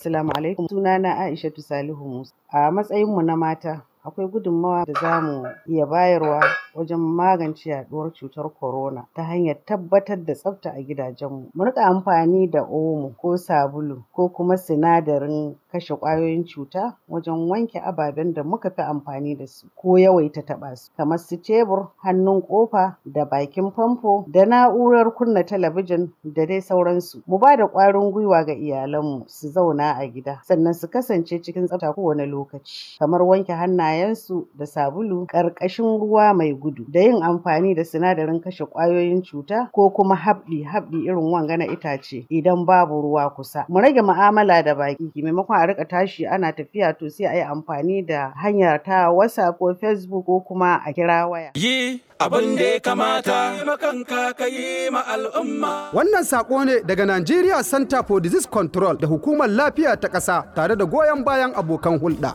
Assalamu alaikum sunana Aisha Salihu Musa. A matsayinmu na mata akwai gudunmawa da za mu iya bayarwa wajen magance yaduwar cutar korona ta hanyar tabbatar da tsafta a gidajenmu. Mu rika amfani da omo ko sabulu ko kuma sinadarin kashe kwayoyin cuta wajen wanke ababen da muka fi amfani da su ko yawaita taba su kamar su tebur, hannun ƙofa da bakin famfo da na'urar kunna talabijin da dai sauransu. Mu ba da ƙwarin gwiwa ga iyalanmu su zauna a gida sannan su kasance cikin tsafta kowane lokaci kamar wanke hannayensu da sabulu ƙarƙashin ruwa mai gudu da yin amfani da sinadarin kashe kwayoyin cuta ko kuma habdi habdi irin wanga na itace idan babu ruwa kusa. Mu rage mu'amala da baki maimakon a rika tashi ana tafiya to sai a yi amfani da hanyar ta WhatsApp ko Facebook ko kuma a kira waya. Yi abin da ya kamata makanka ka yi ma al'umma. Wannan sako ne daga Nigeria Center for Disease Control da Hukumar Lafiya ta ƙasa tare da goyon bayan abokan hulɗa.